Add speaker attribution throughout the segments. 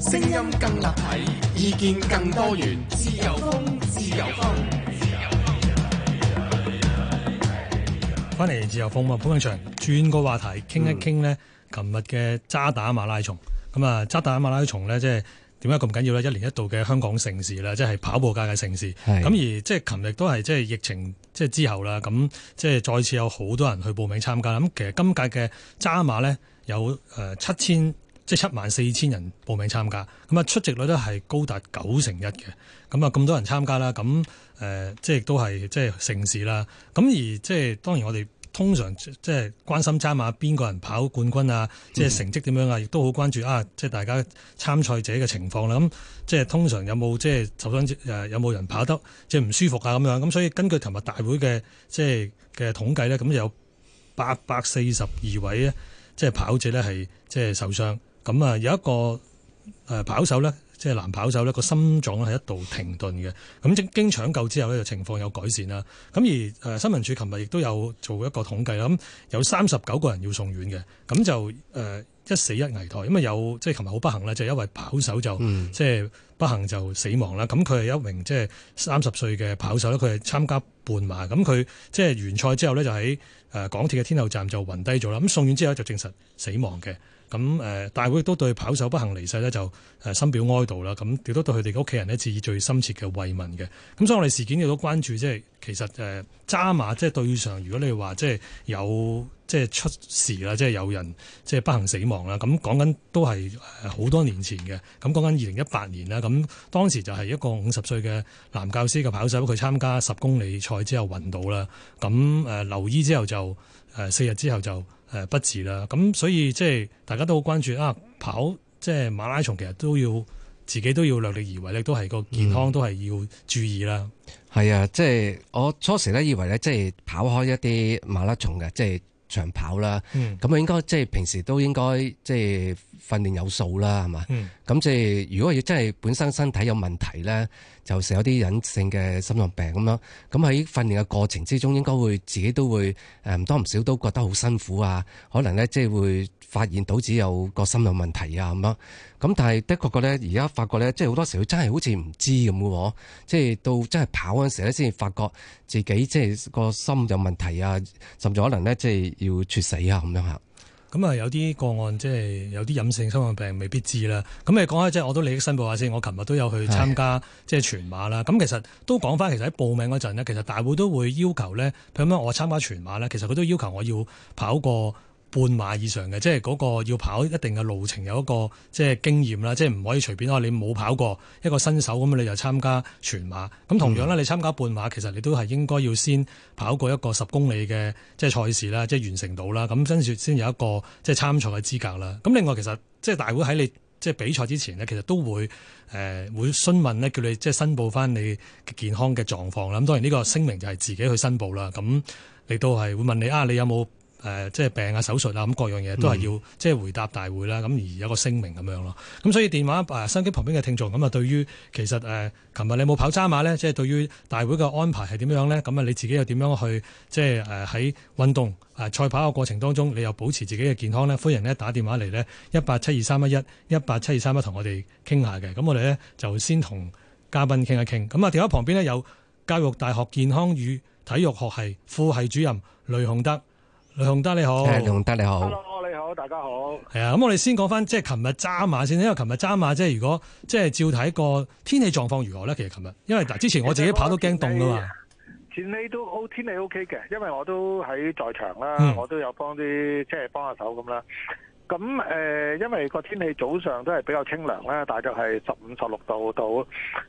Speaker 1: 聲音更立體，意見更多元，自由風，自由
Speaker 2: 風，自由風。翻嚟自由風啊，潘永祥，轉個話題，傾一傾呢。嗯、琴日嘅渣打馬拉松，咁啊，渣打馬拉松呢，即係點解咁緊要呢？一年一度嘅香港城市啦，即係跑步界嘅城市。咁是而即係琴日都係即係疫情即係之後啦，咁即係再次有好多人去報名參加啦。咁其實今屆嘅渣打馬呢，有誒七千。即係七萬四千人報名參加，咁啊，出席率都係高達九成一嘅，咁啊咁多人參加啦，咁誒即係都係即係盛事啦。咁而即係當然我哋通常即係關心參加邊個人跑冠軍啊，即係成績點樣啊，亦都好關注啊，即係大家參賽者嘅情況啦。咁即係通常有冇即係受傷誒？有冇人跑得即係唔舒服啊？咁樣咁所以根據琴日大會嘅即係嘅統計呢，咁有八百四十二位咧，即係跑者呢係即係受傷。咁啊、嗯，有一個誒跑手呢，即係男跑手呢，個心臟咧係一度停頓嘅。咁即經搶救之後呢，就情況有改善啦。咁而誒新聞處琴日亦都有做一個統計啦，咁有三十九個人要送院嘅。咁就誒一死一危殆。咁啊有即係琴日好不幸呢，就因為跑手就、嗯、即係不幸就死亡啦。咁佢係一名即係三十歲嘅跑手咧，佢係參加半馬。咁佢即係完賽之後呢，就喺誒港鐵嘅天后站就暈低咗啦。咁送院之後就證實死亡嘅。咁誒，大會都對跑手不幸離世呢，就誒深、呃、表哀悼啦。咁亦都對佢哋嘅屋企人呢致以最深切嘅慰問嘅。咁所以我哋事件亦都關注，即係其實誒揸、呃、馬即係對上，如果你話即係有即係出事啦，即係有人即係不幸死亡啦。咁講緊都係好多年前嘅。咁講緊二零一八年啦。咁當時就係一個五十歲嘅男教師嘅跑手，佢參加十公里賽之後暈倒啦。咁誒、呃、留醫之後就誒四日之後就。呃誒不治啦，咁所以即係大家都好關注啊。跑即係、就是、馬拉松，其實都要自己都要量力而為咧，都係個健康、嗯、都係要注意啦。
Speaker 3: 係啊，即、就、係、是、我初時咧以為咧，即、就、係、是、跑開一啲馬拉松嘅，即、就、係、是、長跑啦。咁啊、嗯，應該即係、就是、平時都應該即係。就是訓練有數啦，係嘛？嗯。咁即係如果要真係本身身體有問題咧，就成有啲隱性嘅心臟病咁樣。咁喺訓練嘅過程之中，應該會自己都會唔多唔少都覺得好辛苦啊。可能咧即係會發現到自己有個心有問題啊咁樣。咁但係的確覺咧，而家發覺咧，即係好多時候真係好似唔知咁嘅喎。即係到真係跑嗰陣時咧，先至發覺自己即係個心有問題啊，甚至可能咧即係要猝死啊咁樣嚇。
Speaker 2: 咁啊，有啲個案即係有啲隱性心臟病未必知啦。咁你講下，即係，我都利益申報下先。我琴日都有去參加即係全馬啦。咁的其實都講翻，其實喺報名嗰陣咧，其實大會都會要求咧，譬如咁我參加全馬咧，其實佢都要求我要跑過。半馬以上嘅，即係嗰個要跑一定嘅路程，有一個即係經驗啦，即係唔可以隨便啊！你冇跑過一個新手咁，你就參加全馬。咁同樣啦，你參加半馬，其實你都係應該要先跑過一個十公里嘅即係賽事啦，即係完成到啦，咁先至先有一個即係參賽嘅資格啦。咁另外其實即係大會喺你即係比賽之前呢，其實都會誒、呃、會詢問呢，叫你即係申報翻你健康嘅狀況啦。咁當然呢個聲明就係自己去申報啦。咁你都係會問你啊，你有冇？誒，即係病啊、手術啊，咁各樣嘢都係要即係回答大會啦。咁而有個聲明咁樣咯。咁、嗯、所以電話誒，收機旁邊嘅聽眾咁啊、嗯，對於其實誒，琴、呃、日你有冇跑渣馬呢，即係對於大會嘅安排係點樣呢？咁、嗯、啊，你自己又點樣去即係誒喺運動誒、呃、賽跑嘅過程當中，你又保持自己嘅健康呢？歡迎呢，打電話嚟呢，一八七二三一一，一八七二三一，同我哋傾下嘅。咁我哋呢，就先同嘉賓傾一傾。咁啊、嗯，電話旁邊呢，有教育大學健康與體育學系副系主任雷雄德。雷雄德你好，係雄德你好，hello 你好，大家好，係啊，咁我哋先講翻即係琴日揸馬先，因為琴日揸馬即係如果即係照睇個天氣狀況如何咧，其實琴日，因為嗱，之前我自己跑都驚凍噶嘛，
Speaker 4: 天氣都好，天氣 O K 嘅，因為我都喺在,在場啦，嗯、我都有幫啲即係幫下手咁啦。咁誒、嗯、因為個天氣早上都係比較清涼咧，大約係十五、十六度到。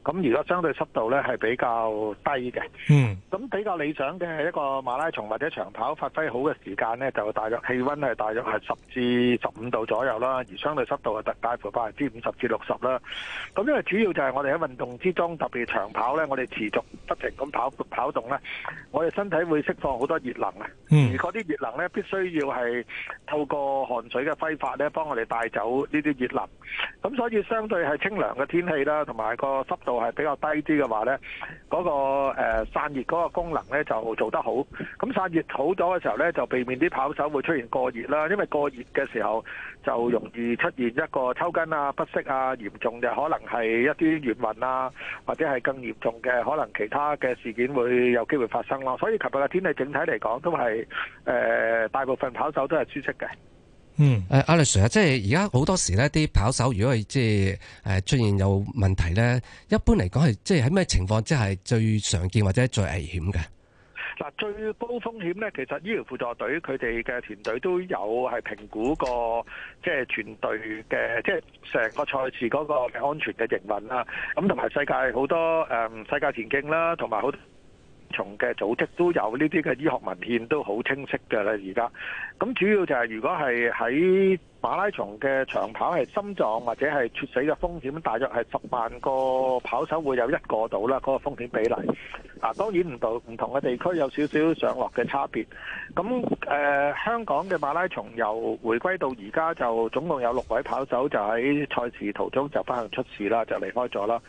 Speaker 4: 咁而家相對濕度咧係比較低嘅。嗯。咁比較理想嘅係一個馬拉松或者長跑發揮好嘅時間咧，就大約氣温係大約係十至十五度左右啦，而相對濕度係大概介乎百分之五十至六十啦。咁因為主要就係我哋喺運動之中，特別長跑咧，我哋持續不停咁跑跑動咧，我哋身體會釋放好多熱能啊。嗯。而嗰啲熱能咧必須要係透過汗水嘅。揮發咧，幫我哋帶走呢啲熱能，咁所以相對係清涼嘅天氣啦，同埋個濕度係比較低啲嘅話呢嗰、嗰個、呃、散熱嗰個功能呢就做得好，咁散熱好咗嘅時候呢，就避免啲跑手會出現過熱啦，因為過熱嘅時候就容易出現一個抽筋啊、不適啊、嚴重嘅可能係一啲眩暈啊，或者係更嚴重嘅可能其他嘅事件會有機會發生咯。所以琴日嘅天氣整體嚟講都係誒、呃、大部分跑手都係舒適嘅。
Speaker 3: 嗯，誒，Alex 啊，即係而家好多時咧，啲跑手如果係即係誒出現有問題咧，一般嚟講係即係喺咩情況即係最常見或者最危險嘅？
Speaker 4: 嗱，最高風險咧，其實醫療輔助隊佢哋嘅團隊都有係評估過，即係團隊嘅，即係成個賽事嗰個嘅安全嘅營運啦，咁同埋世界好多誒、嗯、世界田徑啦，同埋好。從嘅組織都有呢啲嘅醫學文獻都好清晰嘅啦，而家咁主要就係、是、如果係喺馬拉松嘅長跑係心臟或者係猝死嘅風險，大約係十萬個跑手會有一個到啦，嗰、那個風險比例。嗱，當然唔同唔同嘅地區有少少上落嘅差別。咁誒、呃，香港嘅馬拉松由回歸到而家就總共有六位跑手就喺賽事途中就不幸出事啦，就離開咗啦。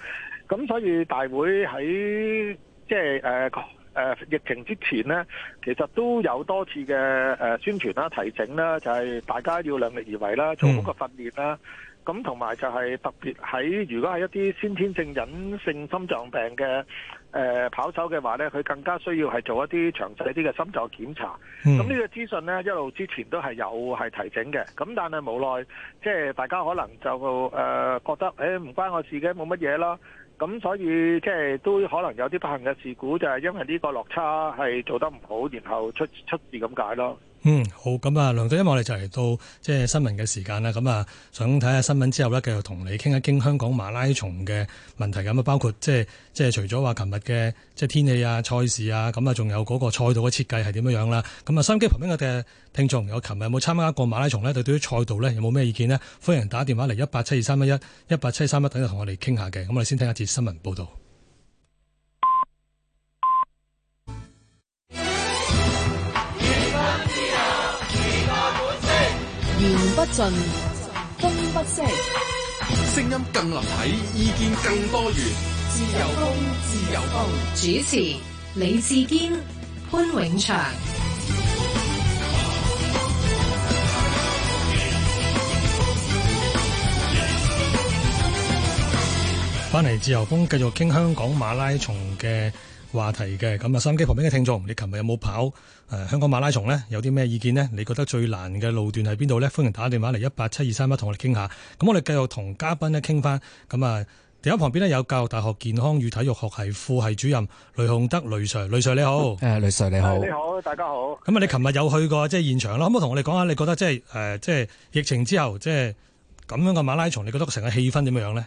Speaker 4: 咁所以大會喺即係誒誒疫情之前咧，其實都有多次嘅誒、呃、宣傳啦、提醒啦，就係、是、大家要量力而為啦，做好個訓練啦。咁同埋就係特別喺如果係一啲先天性隱性心臟病嘅誒、呃、跑手嘅話咧，佢更加需要係做一啲詳細啲嘅心臟檢查。咁、嗯、呢個資訊咧一路之前都係有係提醒嘅。咁但係無奈即係大家可能就誒、呃、覺得誒唔、哎、關我事嘅，冇乜嘢咯。咁所以即係都可能有啲不幸嘅事故，就係因為呢個落差係做得唔好，然後出出事咁解咯。
Speaker 2: 嗯，好咁啊，梁德，今日我哋就嚟到即係新聞嘅時間啦。咁啊，想睇下新聞之後呢，繼續同你傾一傾香港馬拉松嘅問題咁啊，包括即係即係除咗話琴日嘅即係天氣啊、賽事啊，咁啊，仲有嗰個賽道嘅設計係點樣樣啦。咁啊，收音機旁邊嘅聽眾，有琴日有冇參加過馬拉松呢？對於賽道呢，有冇咩意見呢？歡迎打電話嚟一八七二三一一，一八七二三一，等佢同我哋傾下嘅。咁我哋先聽一節新聞報道。
Speaker 1: 言不盡，風不息。聲
Speaker 4: 音更立體，意見更多元。自由風，自由風。
Speaker 2: 主持李志堅、潘永祥。翻嚟自由風，繼續傾香港馬拉松嘅話題嘅咁啊，收音機旁邊嘅聽眾，你琴日有冇跑誒、呃、香港馬拉松呢？有啲咩意見呢？你覺得最難嘅路段係邊度呢？歡迎打電話嚟一八七二三一，同我哋傾下。咁我哋繼續同嘉賓呢傾翻。咁啊，電話旁邊呢，嗯、邊有教育大學健康與體育學系副系主任雷雄德雷 Sir，雷 Sir 你好。
Speaker 3: 誒，雷 Sir 你好。Sir, 你好，大家好。
Speaker 2: 咁啊，你琴日有去過即係現場咯？可唔可以同我哋講下，你覺得即係誒、呃，即係疫情之後，即係咁樣嘅馬拉松，你覺得成個氣氛點樣呢？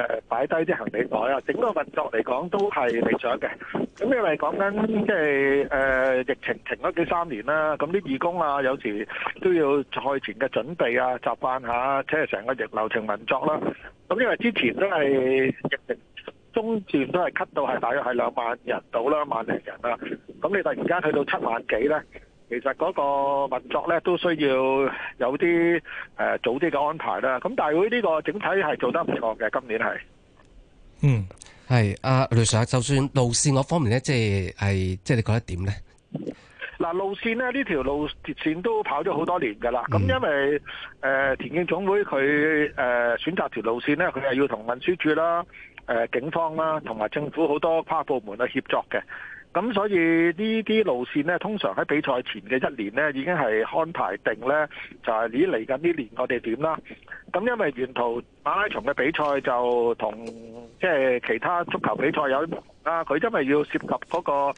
Speaker 4: 睇低啲行李袋啊！整個運作嚟講都係理想嘅。咁因為講緊即係誒、呃、疫情停咗幾三年啦，咁啲義工啊，有時都要賽前嘅準備啊、習慣下，即係成個疫流程運作啦。咁因為之前都係疫情中段都係 cut 到係大約係兩萬人到啦，萬零人啦、啊。咁你突然間去到七萬幾咧，其實嗰個運作咧都需要有啲誒、呃、早啲嘅安排啦。咁但大會呢個整體係做得唔錯嘅，今年係。
Speaker 3: 嗯，係啊、呃。雷 Sir，就算路線嗰方面咧，即係，即係你覺得點咧？
Speaker 4: 嗱，路線咧，呢條路線都跑咗好多年噶啦，咁、嗯、因為誒、呃、田徑總會佢誒、呃、選擇條路線咧，佢係要同運輸處啦、誒、呃、警方啦、啊，同埋政府好多跨部門去協作嘅。咁所以呢啲路線呢，通常喺比賽前嘅一年呢，已經係安排定，就是、呢，就係你嚟緊呢年我哋點啦。咁因為沿途馬拉松嘅比賽就同即係其他足球比賽有啲唔同啦，佢因為要涉及嗰、那個誒、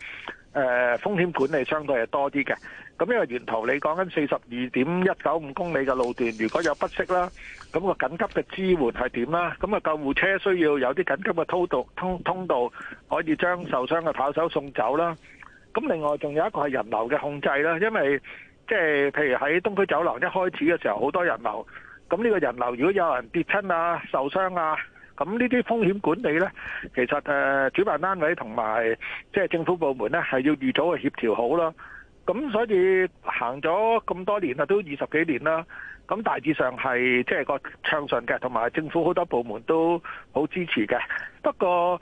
Speaker 4: 呃、風險管理，相對係多啲嘅。咁因為沿途你講緊四十二點一九五公里嘅路段，如果有不適啦，咁、那個緊急嘅支援係點啦？咁、那、啊、個、救護車需要有啲緊急嘅通道通通道，可以將受傷嘅跑手送走啦。咁另外仲有一個係人流嘅控制啦，因為即係譬如喺東區走廊一開始嘅時候，好多人流。咁呢個人流如果有人跌親啊、受傷啊，咁呢啲風險管理咧，其實誒、呃、主辦單位同埋即係政府部門咧，係要預早去協調好咯。咁所以行咗咁多年啦，都二十幾年啦。咁大致上係即係個暢順嘅，同埋政府好多部門都好支持嘅。不過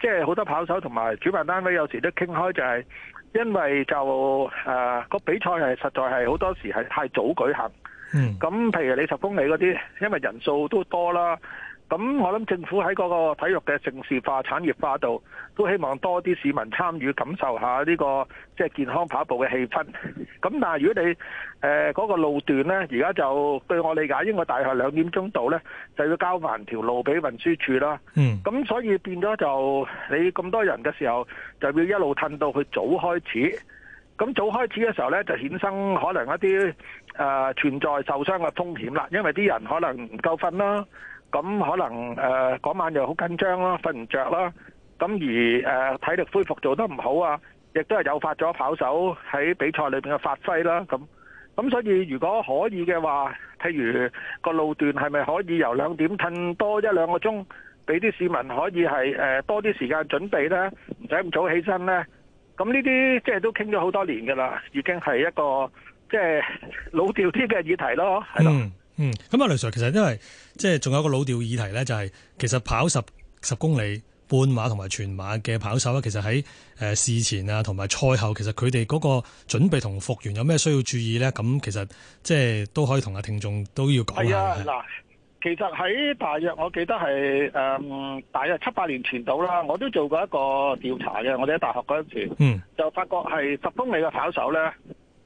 Speaker 4: 即係好多跑手同埋主辦單位有時都傾開、就是，就係因為就誒個、呃、比賽係實在係好多時係太早舉行。嗯。咁譬如你十公里嗰啲，因為人數都多啦。咁我諗政府喺嗰個體育嘅城市化、產業化度，都希望多啲市民參與感受下呢、這個即係、就是、健康跑步嘅氣氛。咁 但係，如果你誒嗰、呃，那個路段咧，而家就據我理解，應該大概兩點鐘度咧，就要交還條路俾運輸處啦。嗯。咁所以變咗就你咁多人嘅時候，就要一路褪到去早開始。咁早開始嘅時候咧，就衍生可能一啲誒、呃、存在受傷嘅風險啦，因為啲人可能唔夠瞓啦。咁可能誒嗰、呃、晚又好緊張咯，瞓唔着啦。咁而誒、呃、體力恢復做得唔好啊，亦都係誘發咗跑手喺比賽裏邊嘅發揮啦。咁咁所以如果可以嘅話，譬如個路段係咪可以由兩點褪多一兩個鐘，俾啲市民可以係誒、呃、多啲時間準備咧，唔使咁早起身咧。咁呢啲即係都傾咗好多年㗎啦，已經係一個即係老調啲嘅議題咯，
Speaker 2: 係咯。嗯嗯，咁阿雷 Sir，其實因為即係仲有一個老調議題咧，就係、是、其實跑十十公里半馬同埋全馬嘅跑手咧，其實喺誒、呃、事前啊，同埋賽後，其實佢哋嗰個準備同復原有咩需要注意咧？咁其實即係都可以同阿聽眾都要講啦。係啊，
Speaker 4: 嗱，其實喺大約我記得係誒、嗯、大約七八年前度啦，我都做過一個調查嘅，我哋喺大學嗰陣時，嗯，就發覺係十公里嘅跑手咧。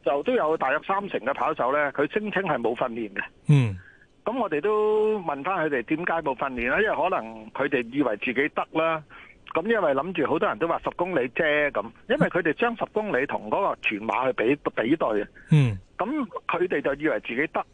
Speaker 4: 就都有大約三成嘅跑手呢，佢聲稱係冇訓練嘅。嗯，咁我哋都問翻佢哋點解冇訓練咧？因為可能佢哋以為自己得啦。咁因為諗住好多人都話十公里啫咁，因為佢哋將十公里同嗰個全馬去比比對。嗯，咁佢哋就以為自己得。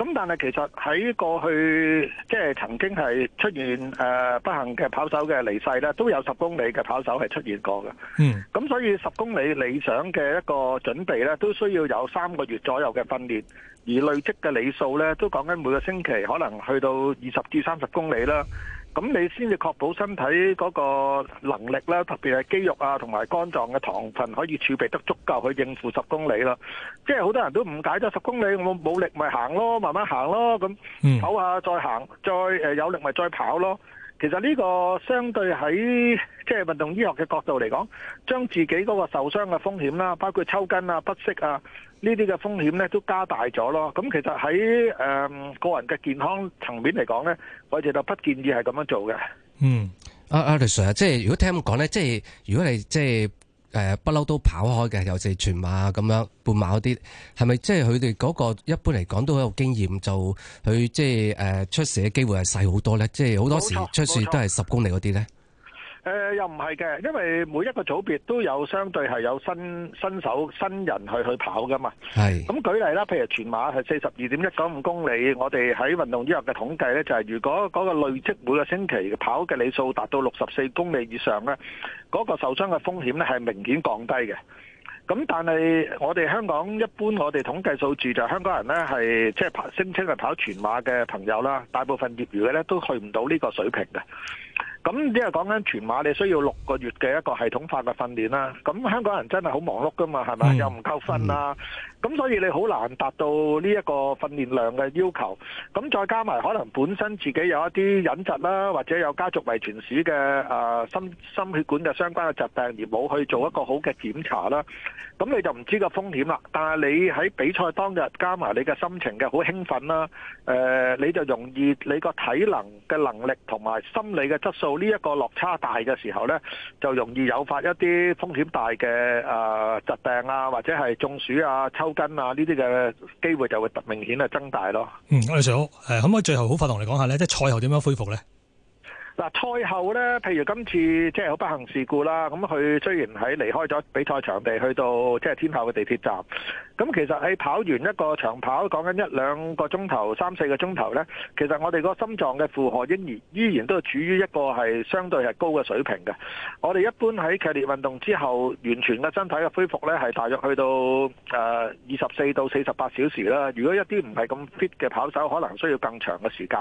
Speaker 4: 咁但係其實喺過去即係曾經係出現誒、呃、不幸嘅跑手嘅離世咧，都有十公里嘅跑手係出現過嘅。嗯，咁所以十公里理想嘅一個準備咧，都需要有三個月左右嘅訓練，而累積嘅里數咧，都講緊每個星期可能去到二十至三十公里啦。咁你先至確保身體嗰個能力啦，特別係肌肉啊，同埋肝臟嘅糖分可以儲備得足夠去應付十公里啦。即係好多人都誤解咗，十公里我冇力咪行咯，慢慢行咯，咁唞下再行，再誒、呃、有力咪再跑咯。其實呢個相對喺即係運動醫學嘅角度嚟講，將自己嗰個受傷嘅風險啦，包括抽筋啊、不適啊呢啲嘅風險咧，都加大咗咯。咁其實喺誒個人嘅健康層面嚟講咧，我哋就不建議係咁樣做嘅。
Speaker 3: 嗯，阿雷 Sir 啊，即係如果聽咁講咧，即係如果你即係。誒，不嬲、呃、都跑開嘅，尤其係全馬咁樣半馬嗰啲，係咪即係佢哋嗰個一般嚟講都好有經驗，就佢即係誒、呃、出事嘅機會係細好多咧？即係好多時出事都係十公里嗰啲咧。
Speaker 4: 誒、呃，又唔係嘅，因為每一個組別都有相對係有新新手新人去去跑噶嘛。係是，咁、嗯、舉例啦，譬如全馬係四十二點一九五公里，我哋喺運動醫學嘅統計呢，就係、是、如果嗰個累積每個星期跑嘅里數達到六十四公里以上呢，嗰、那個受傷嘅風險呢係明顯降低嘅。咁、嗯、但係我哋香港一般我哋統計數字就係香港人呢，係即係聲稱係跑全馬嘅朋友啦，大部分業餘嘅呢都去唔到呢個水平嘅。咁即係講緊全馬，你需要六個月嘅一個系統化嘅訓練啦。咁香港人真係好忙碌噶嘛，係咪？又唔夠瞓啦，咁所以你好難達到呢一個訓練量嘅要求。咁再加埋可能本身自己有一啲隱疾啦，或者有家族遺傳史嘅啊心心血管嘅相關嘅疾病而冇去做一個好嘅檢查啦。咁你就唔知個風險啦，但係你喺比賽當日加埋你嘅心情嘅好興奮啦，誒、呃、你就容易你個體能嘅能力同埋心理嘅質素呢一個落差大嘅時候呢，就容易誘發一啲風險大嘅誒、呃、疾病啊，或者係中暑啊、抽筋啊呢啲嘅機會就會明顯嘅增大咯。
Speaker 2: 嗯，阿 Sir，可唔可以最後好快同你講下呢？即係賽後點樣恢復呢？
Speaker 4: 嗱，賽後咧，譬如今次即係好不幸事故啦，咁佢雖然喺離開咗比賽場地，去到即係天后嘅地鐵站，咁其實喺跑完一個長跑，講緊一兩個鐘頭、三四個鐘頭咧，其實我哋個心臟嘅負荷依然依然都係處於一個係相對係高嘅水平嘅。我哋一般喺劇烈運動之後，完全嘅身體嘅恢復咧，係大約去到誒二十四到四十八小時啦。如果一啲唔係咁 fit 嘅跑手，可能需要更長嘅時間。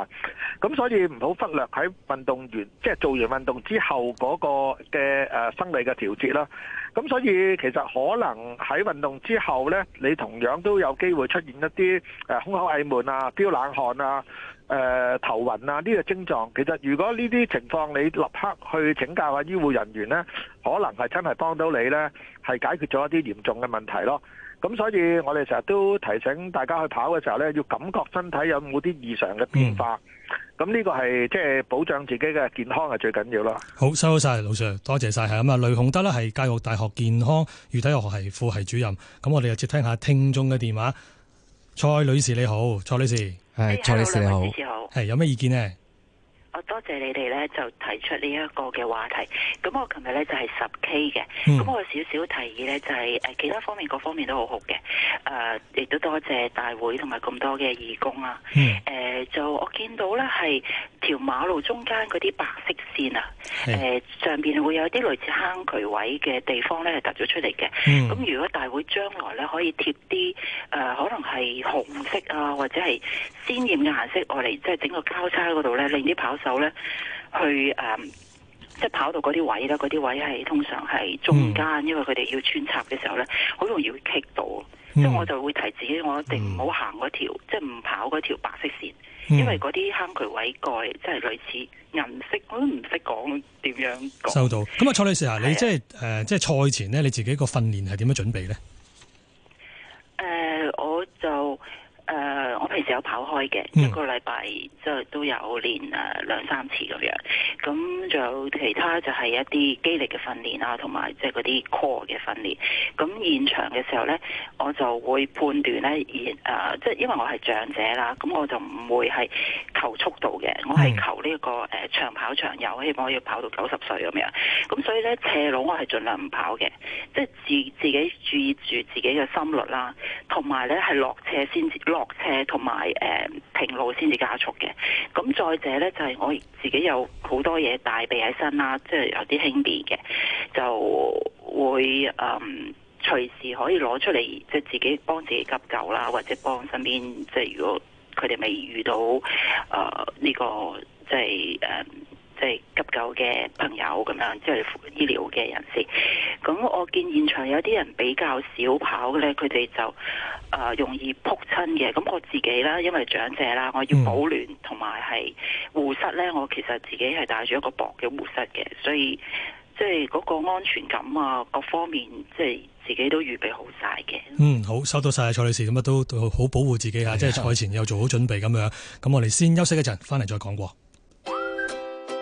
Speaker 4: 咁所以唔好忽略喺運動。即係做完運動之後嗰個嘅誒生理嘅調節啦，咁所以其實可能喺運動之後呢，你同樣都有機會出現一啲誒胸口翳悶啊、飆冷汗啊、誒、呃、頭暈啊呢個症狀。其實如果呢啲情況你立刻去請教下醫護人員呢，可能係真係幫到你呢，係解決咗一啲嚴重嘅問題咯。咁所以，我哋成日都提醒大家去跑嘅時候呢，要感覺身體有冇啲異常嘅變化。咁呢、嗯、個係即係保障自己嘅健康係最緊要咯。
Speaker 2: 好，收好晒，老 Sir，多謝晒。係咁啊，雷雄德呢係教育大學健康與體育學系副系主任。咁我哋又接聽下聽眾嘅電話。蔡女士你好，蔡女士，係 Hey, 蔡女士 Hello, 你好，係、hey, 有咩意見呢？
Speaker 5: 多謝你哋咧，就提出呢一個嘅話題。咁我琴日咧就係、是、十 K 嘅，咁、嗯、我少少提議咧就係、是、誒、呃、其他方面各方面都好好嘅。誒、呃、亦都多謝大會同埋咁多嘅義工啊。誒、嗯呃、就我見到咧係條馬路中間嗰啲白色線啊，誒是、呃、上邊會有啲類似坑渠位嘅地方咧係凸咗出嚟嘅。咁、嗯、如果大會將來咧可以貼啲誒、呃、可能係紅色啊或者係鮮豔嘅顏色，我嚟即係整個交叉嗰度咧，令啲跑手。咧去誒、嗯，即係跑到嗰啲位啦，嗰啲位係通常係中間，嗯、因為佢哋要穿插嘅時候咧，好容易會棘到，所以、嗯、我就會提自己，我一定唔好行嗰條，嗯、即係唔跑嗰條白色線，嗯、因為嗰啲坑渠位蓋，即係類似銀色，我都唔識講點樣講。收
Speaker 2: 到。咁啊，蔡女士啊，的你即係誒、呃，即係賽前咧，你自己個訓練係點樣準備咧？
Speaker 5: 誒、呃，我就。誒，uh, 我平時有跑開嘅，mm. 一個禮拜即係都有練誒、呃、兩三次咁樣。咁仲有其他就係一啲肌力嘅訓練啊，同埋即係嗰啲 core 嘅訓練。咁現場嘅時候咧，我就會判斷咧，而、呃、即係因為我係長者啦，咁我就唔會係求速度嘅，mm. 我係求呢、呢個誒、呃、長跑長有，希望可以跑到九十歲咁樣。咁所以咧，斜路我係盡量唔跑嘅，即係自自己注意住自己嘅心率啦，同埋咧係落斜先至，泊車同埋誒停路先至加速嘅，咁再者咧就係我自己有好多嘢帶備喺身啦，即係有啲輕便嘅，就會誒隨時可以攞出嚟，即係自己幫自己急救啦，或者幫身邊即係如果佢哋未遇到誒呢個即係誒。即係急救嘅朋友咁樣，即係醫療嘅人士。咁我見現場有啲人比較少跑咧，佢哋就誒、呃、容易撲親嘅。咁我自己啦，因為長者啦，我要保暖同埋係護膝咧、嗯，我其實自己係帶住一個薄嘅護膝嘅，所以即係嗰個安全感啊，各方面即係自己都預備好晒嘅。嗯，
Speaker 2: 好，收到晒蔡女士，咁啊都都好保護自己吓，係嘅。即係賽前又做好準備咁樣。咁我哋先休息一陣，翻嚟再講過。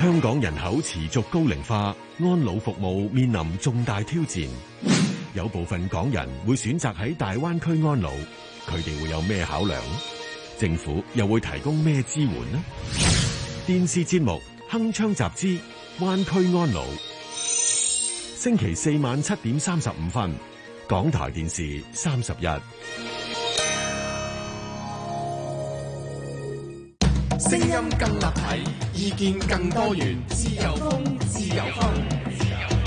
Speaker 2: 香港
Speaker 1: 人口持續高齡化，安老服務面臨重大挑戰。有部分港人會選擇喺大灣區安老，佢哋會有咩考量？政府又會提供咩支援呢？電視節目《鏗鏘集資》灣區安老，星期四晚七點三十五分，港台電視三十一。聲音更立體，意見更多元，自
Speaker 3: 由風，自由風，
Speaker 2: 自由風。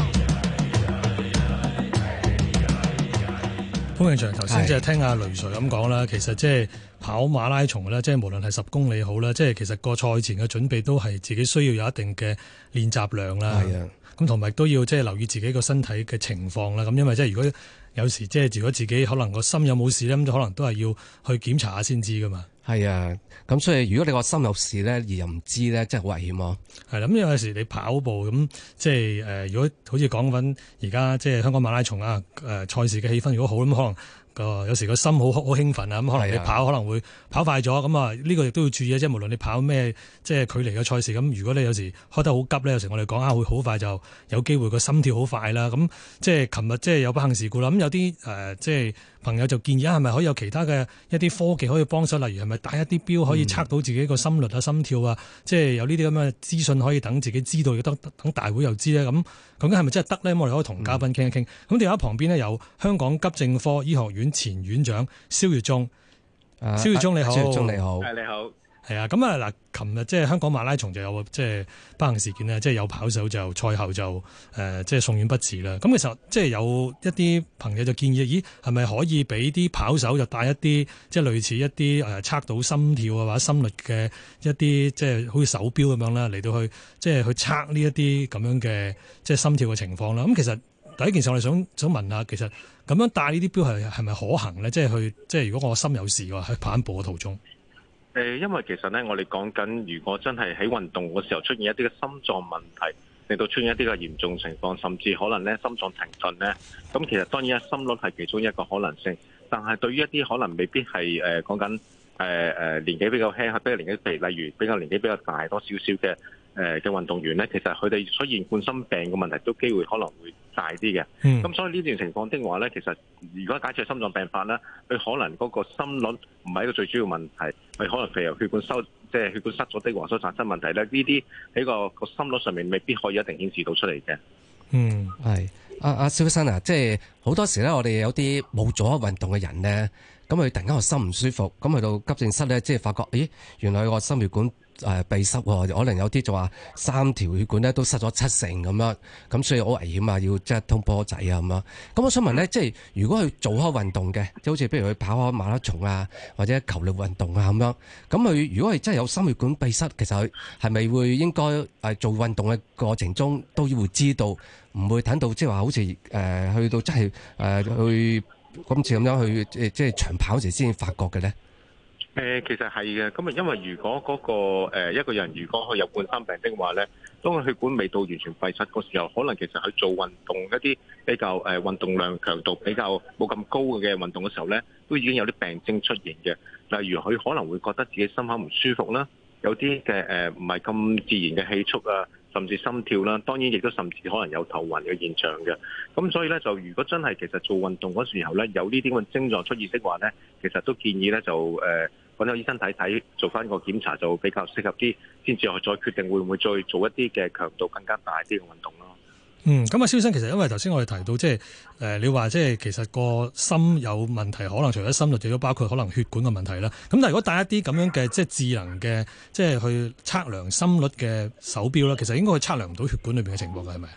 Speaker 2: 潘永祥，頭先即係聽阿雷 sir 咁講啦，其實即係跑馬拉松啦，即係無論係十公里好啦，即係其實個賽前嘅準備都係自己需要有一定嘅練習量啦。係啊的，咁同埋都要即係留意自己個身體嘅情況啦。咁因為即係如果有時即係如果自己可能個心有冇事咧，咁就可能都係要去檢查下先知噶嘛。係啊，咁所以如果你個心有事咧，而又唔知咧，真係好危險喎，啊。係啦，咁有陣時你跑步咁，呃，即係誒，如果好似講緊而家即係香港馬拉松啊，誒，呃，賽事嘅氣氛如果好咁，可能個有時個心好好興奮啊，咁可能你跑的可能會跑快咗，咁啊呢個亦都要注意啊。即係無論你跑咩即係距離嘅賽事，咁如果你有時開得好急咧，有時我哋講啊，會好快就有機會個心跳好快啦。咁即係琴日，即係有不幸事故啦。咁有啲誒，呃，即係。朋友就建議，啊係咪可以有其他嘅一啲科技可以幫手？例如係咪戴一啲錶可以測到自己個心率啊、嗯、心跳啊，即係有呢啲咁嘅資訊可以等自己知道要等等大會又知咧。咁究竟係咪真係得呢？我哋可以同嘉賓傾一傾。咁電話旁邊呢，有香港急症科醫學院前院長蕭粵中。啊、蕭粵中你好。蕭粵中你好。你好。啊係啊，咁啊嗱，琴日即係香港馬拉松就有即係、就是、不幸事件咧，即、就、係、是、有跑手就賽後就誒即係送院不治啦。咁、嗯、其實即係有一啲朋友就建議，咦係咪可以俾啲跑手就帶一啲即係類似一啲誒、呃、測到心跳啊或者心率嘅一啲即係好似手錶咁樣啦，嚟到去即係、就是、去測呢一啲咁樣嘅即係心跳嘅情況啦。咁、嗯、其實第一件事我哋想想問下，其實咁樣帶呢啲錶係係咪可行呢？就是、即係去即係如果我心有事嘅話，喺跑步嘅途中。
Speaker 1: 誒，因為其實咧，我哋講緊，如果真係喺運動嘅時候出現一啲嘅心臟問題，令到出現一啲嘅嚴重情況，甚至可能咧心臟停頓咧，咁其實當然心率係其中一個可能性。但係對於一啲可能未必係誒講緊誒誒年紀比較輕、比較年紀細，例如比較年紀比較大、多少少嘅誒嘅運動員咧，其實佢哋出現冠心病嘅問題，都機會可能會大啲嘅，咁、嗯、所以呢段情況的話咧，其實如果解除心臟病發咧，佢可能嗰個心率唔係一個最主要問題，係可能譬如血管塞，即係血管塞咗的話所產生問題咧，呢啲喺個個心率上面未必可以一定顯示到出嚟嘅。嗯，
Speaker 3: 係。阿阿蕭生啊，即係好多時咧，我哋有啲冇咗運動嘅人咧，咁佢突然間個心唔舒服，咁去到急症室咧，即係發覺，咦，原來個心血管，誒閉塞喎，可能有啲就話三條血管咧都塞咗七成咁樣，咁所以好危險啊，要即係通波仔啊咁樣。咁我想問咧，即係如果去做開運動嘅，即係好似譬如佢跑開馬拉松啊，或者球類運動啊咁樣，咁佢如果係真係有心血管閉塞，其實佢係咪會應該誒、呃、做運動嘅過程中都要會知道，唔會等到即係話好似誒去到即係誒去、呃、去今次咁樣去、呃、即係長跑時先發覺嘅咧？
Speaker 1: 誒，其實係嘅。咁啊，因為如果嗰個誒一個人如果佢有冠心病的話呢，當佢血管未到完全閉塞嗰時候，可能其實佢做運動一啲比較誒運動量強度比較冇咁高嘅運動嘅時候呢都已經有啲病徵出現嘅。例如佢可能會覺得自己心口唔舒服啦，有啲嘅誒唔係咁自然嘅氣促啊，甚至心跳啦。當然亦都甚至可能有頭暈嘅現象嘅。咁所以呢，就如果真係其實做運動嗰時候呢，有呢啲咁症狀出現的話呢，其實都建議呢就誒。呃揾個醫生睇睇，做翻個檢查就比較適合啲，先至再決定會唔會再做一啲嘅強度更加大啲嘅
Speaker 2: 運動咯。嗯，咁啊，蕭生，其實因為頭先我哋提到，即係誒你話即係其實個心有問題，可能除咗心率，亦都包括可能血管嘅問題啦。咁但係如果戴一啲咁樣嘅即係智能嘅，即係去測量心率嘅手錶啦，其實應該去測量唔到血管裏邊嘅情況嘅，係咪？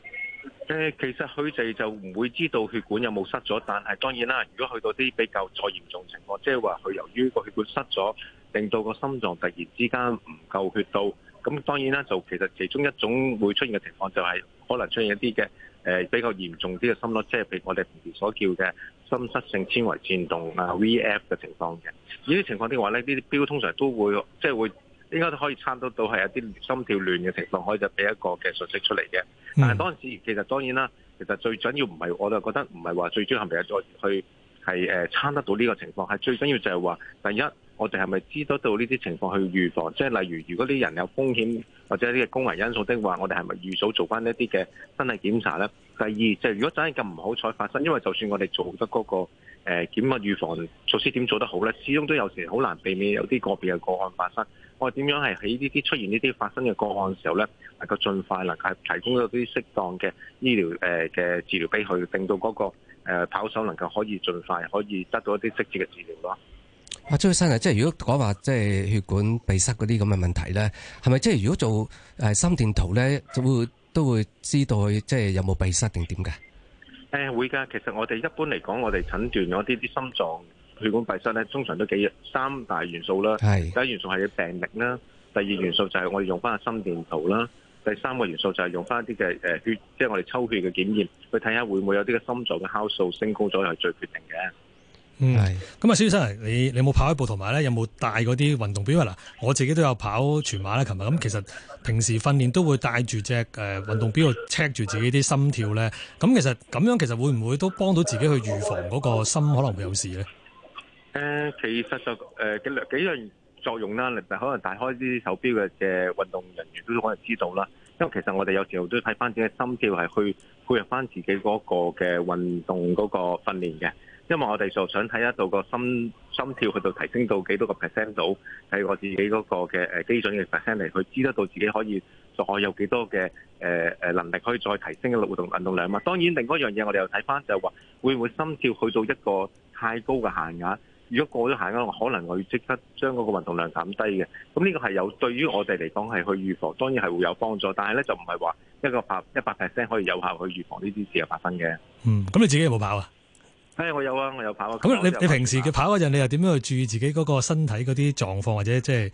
Speaker 1: 誒，其實佢哋就唔會知道血管有冇塞咗，但係當然啦，如果去到啲比較再嚴重情況，即係話佢由於個血管塞咗，令到個心臟突然之間唔夠血到，咁當然啦，就其實其中一種會出現嘅情況就係可能出現一啲嘅誒比較嚴重啲嘅心率，即係譬如我哋平時所叫嘅心室性纖維顫動啊，V F 嘅情況嘅。呢啲情況嘅話咧，呢啲標通常都會即係、即係、會。應該都可以參得到係有啲心跳亂嘅情況，可以就俾一個嘅信息出嚟嘅。但係當時其實當然啦，其實最緊要唔係我就覺得唔係話最主要係咪再去係誒參得到呢個情況，係最緊要就係話第一，我哋係咪知道到呢啲情況去預防？即係例如如果啲人有風險或者啲嘅高危因素的話，我哋係咪預早做返一啲嘅身體檢查咧？第二就係、是、如果真係咁唔好彩發生，因為就算我哋做得嗰、那個誒、呃、檢物預防措施點做得好咧，始終都有時好難避免有啲個別嘅個案發生。我點樣係喺呢啲出現呢啲發生嘅個案嘅時候咧，能夠儘快能夠提供到啲適當嘅醫療誒嘅、呃、治療俾佢，令到嗰、那個、呃、跑手能夠可以儘快可以得到一啲即時嘅治療咯。
Speaker 3: 啊，張生啊，即係如果講話即係血管閉塞嗰啲咁嘅問題咧，係咪即係如果做誒心電圖咧，就會都會知道即係有冇閉塞定點嘅？
Speaker 1: 誒、呃、會㗎，其實我哋一般嚟講，我哋診斷咗呢啲心臟血管閉塞咧，通常都幾三大元素啦。係是第一元素係有病歷啦，第二元素就係我哋用翻個心電圖啦，第三個元素就係用翻啲嘅誒血，即係我哋抽血嘅檢驗，去睇下會唔會有啲嘅心臟嘅酵素，升高咗，又係最決定嘅。是嗯，
Speaker 2: 係。咁啊，蕭醫生，你你有冇跑下步，同埋咧有冇帶嗰啲運動表啊？嗱，我自己都有跑全馬啦，琴日。咁其實平時訓練都會帶住隻誒運動表度 check 住自己啲心跳咧。咁其實咁樣，其實會唔會都幫到自己去預防嗰個心可能會有事咧？
Speaker 1: 誒，其實就誒幾兩幾樣作用啦，你就可能戴開啲手錶嘅嘅運動人員都可能知道啦。因為其實我哋有時候都睇翻自己心跳係去配合翻自己嗰個嘅運動嗰個訓練嘅。因為我哋就想睇得到個心心跳去到提升到幾多個 percent 度，喺我自己嗰個嘅誒標準嘅 percent 嚟，去知得到自己可以再有幾多嘅誒誒能力可以再提升一啲運動運動量嘛。當然另一樣嘢我哋又睇翻就係、是、話會唔會心跳去到一個太高嘅限額。如果過咗限啊，可能我要即刻將嗰個運動量減低嘅。咁呢個係有對於我哋嚟講係去預防，當然係會有幫助。但係咧就唔係話一個百一百 percent 可以有效去預防呢啲事發生嘅。嗯，
Speaker 2: 咁你自己有冇跑啊？
Speaker 1: 誒、哎，我有啊，我有跑啊。咁你你平時嘅跑嗰
Speaker 2: 陣，你又點樣去注意自己嗰個身體嗰啲狀況或者即、就、係、
Speaker 1: 是？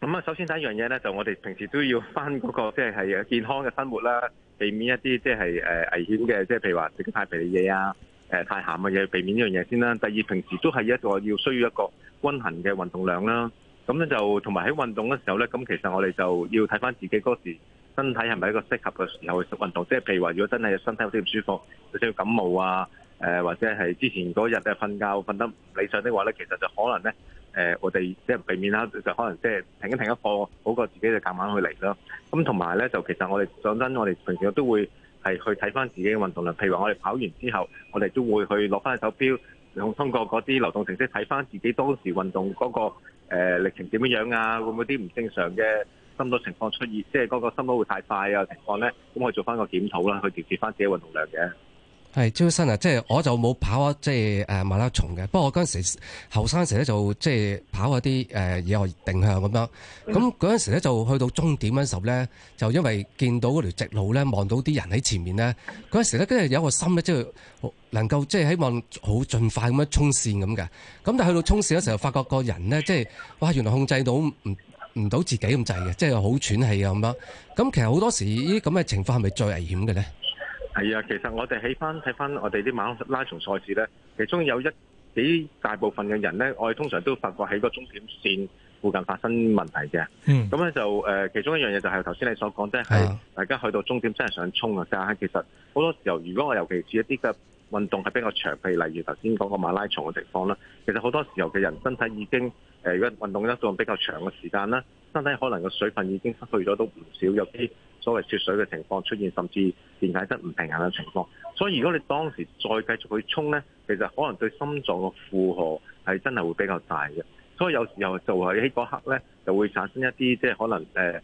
Speaker 1: 咁啊、嗯，首先第一樣嘢咧，就我哋平時都要翻嗰、那個即係係健康嘅生活啦，避免一啲即係誒危險嘅，即係譬如話食太肥嘅嘢啊。誒、呃、太鹹嘅嘢避免呢樣嘢先啦。第二平時都係一個要需要一個均衡嘅運動量啦。咁咧就同埋喺運動嘅時候咧，咁其實我哋就要睇翻自己嗰時身體係咪一個適合嘅時候去運動。即係譬如話，如果真係身體有啲唔舒服，或者感冒啊，誒、呃、或者係之前嗰日啊瞓覺瞓得唔理想的話咧，其實就可能咧誒、呃、我哋即係避免下，就可能即係停一停一課，好過自己就夾硬去嚟咯。咁同埋咧就其實我哋講真，上我哋平時都會，係去睇翻自己嘅運動量，譬如話我哋跑完之後，我哋都會去攞翻手錶，然後通過嗰啲流動程式睇翻自己當時運動嗰、那個誒、呃、歷程點樣樣啊，會唔會啲唔正常嘅心率情況出現，即係嗰個心率會太快啊情況咧，咁我做翻個檢討啦，去調節翻自己運動量嘅。
Speaker 3: 係招生啊！即係我就冇跑啊，即係誒馬拉松嘅。不過我嗰陣時後生時咧，就即係跑嗰啲誒野外定向咁樣。咁嗰陣時咧，就去到終點嘅時候咧，就因為見到嗰條直路咧，望到啲人喺前面咧，嗰陣時咧，跟住有個心咧，即係能夠即係希望好盡快咁樣衝線咁嘅。咁但係去到衝線嘅時候，發覺個人咧，即係哇，原來控制到唔唔到自己咁滯嘅，即係好喘氣啊咁樣。咁其實好多時呢啲咁嘅情況係咪最危險嘅咧？
Speaker 1: 係啊，其實我哋喺翻睇翻我哋啲馬拉松賽事咧，其中有一幾大部分嘅人咧，我哋通常都發覺喺個終點線附近發生問題嘅。嗯，咁咧就誒、呃，其中一樣嘢就係頭先你所講，即係的大家去到終點真係想衝啊。其實好多時候，如果我尤其是一啲嘅運動係比較長，譬如例如頭先講個馬拉松嘅情況啦，其實好多時候嘅人身體已經誒如果運動一段比較長嘅時間啦。身體可能個水分已經失去咗都唔少，有啲所謂脫水嘅情況出現，甚至電解質唔平衡嘅情況。所以如果你當時再繼續去衝咧，其實可能對心臟嘅負荷係真係會比較大嘅。所以有時候就係喺嗰刻咧，就會產生一啲即係可能誒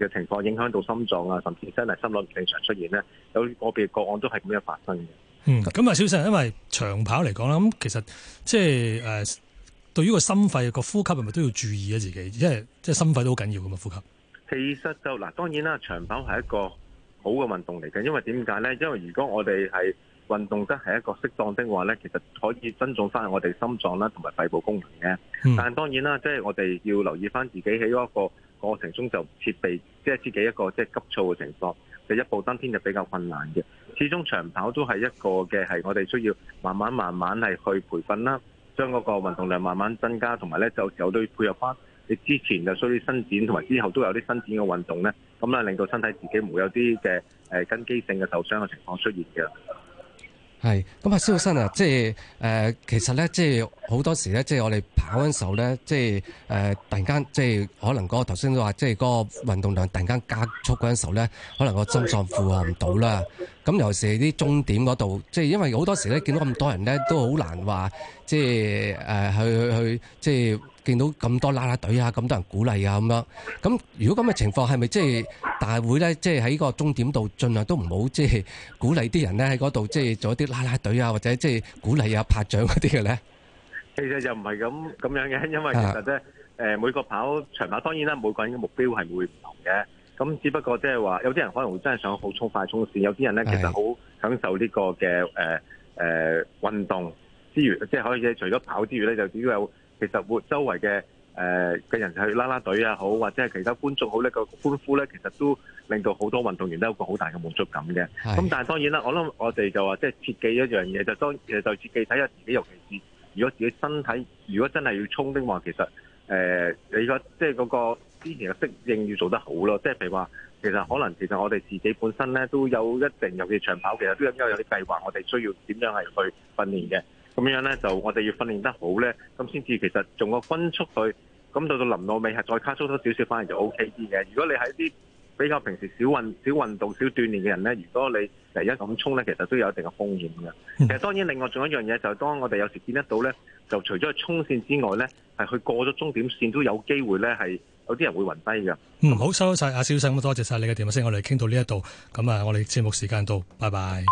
Speaker 1: 誒嘅情況，影響到心臟啊，甚至真係心律唔正常出現咧。有個別個案都係咁樣發生嘅。嗯，
Speaker 2: 咁啊，蕭生，因為長跑嚟講啦，咁其實即係誒。呃對於個心肺、這個呼吸係咪都要注意咧、啊？自己，即係即係心肺都好緊要噶嘛，呼吸。
Speaker 1: 其實就嗱，當然啦，長跑係一個好嘅運動嚟嘅，因為點解咧？因為如果我哋係運動得係一個適當的話咧，其實可以增重翻我哋心臟啦，同埋肺部功能嘅。嗯、但係當然啦，即、就、係、是、我哋要留意翻自己喺嗰個過程中就設備，即、就、係、是、自己一個即係急躁嘅情況，就一步登天就比較困難嘅。始終長跑都係一個嘅，係我哋需要慢慢慢慢係去培訓啦。將嗰個運動量慢慢增加，同埋咧就有時候都要配合翻你之前就需要伸展，同埋之後都有啲伸展嘅運動咧，咁咧令到身體自己冇有啲嘅誒根基性嘅受傷嘅情況出現嘅。
Speaker 3: 係，咁啊，蕭生啊，即係誒、呃，其實咧，即係好多時咧，即係我哋跑嗰陣時候咧，即係誒、呃，突然間即係可能嗰、那個頭先都話，即係嗰個運動量突然間加速嗰陣時候咧，可能個心臟負荷唔到啦。咁尤其是啲終點嗰度，即係因為好多時咧見到咁多人咧，都好難話即係誒、呃、去去去即係。見到咁多拉拉隊啊，咁多人鼓勵啊，咁樣咁，如果咁嘅情況係咪即係，大會咧，即係喺個終點度，盡量都唔好即係鼓勵啲人咧喺嗰度，即係做一啲拉拉隊啊，或者即係鼓勵啊、拍掌嗰啲嘅咧？
Speaker 1: 其實就唔係咁咁樣嘅，因為其實咧，誒、呃啊呃、每個跑長跑當然啦，每個人嘅目標係會唔同嘅。咁只不過即係話，有啲人可能會真係想好衝快衝線，有啲人咧的其實好享受呢個嘅誒誒運動之餘，即係可以除咗跑之餘咧，就只要有。其實會周圍嘅誒嘅人去拉拉隊啊，好或者係其他觀眾好呢、呢個歡呼咧，其實都令到好多運動員都有個好大嘅滿足感嘅。咁的但係當然啦，我諗我哋就話即係設計一樣嘢，就當其實就設計睇下自己，尤其是如果自己身體如果真係要衝的話，其實誒你、呃嗰個即係嗰個之前嘅適應要做得好咯。即係譬如話，其實可能其實我哋自己本身咧都有一定，尤其是長跑其實都應該有啲計劃，我哋需要點樣係去訓練嘅。咁樣咧，就我哋要訓練得好咧，咁先至其實仲個分速去。咁到臨到臨落尾係再加速多少少，反而就 OK 啲嘅。如果你係啲比較平時少運少運動少鍛鍊嘅人咧，如果你第一咁衝咧，其實都有一定嘅風險嘅。其實當然另外仲有一樣嘢，就係、是、當我哋有時見得到咧，就除咗去衝線之外咧，係去過咗終點線都有機會咧，係有啲人會暈低㗎。嗯，
Speaker 2: 好，收晒，蕭生咁多謝晒你嘅電話
Speaker 3: 先，我哋傾到呢一度，咁啊，我哋節目時間到，拜拜。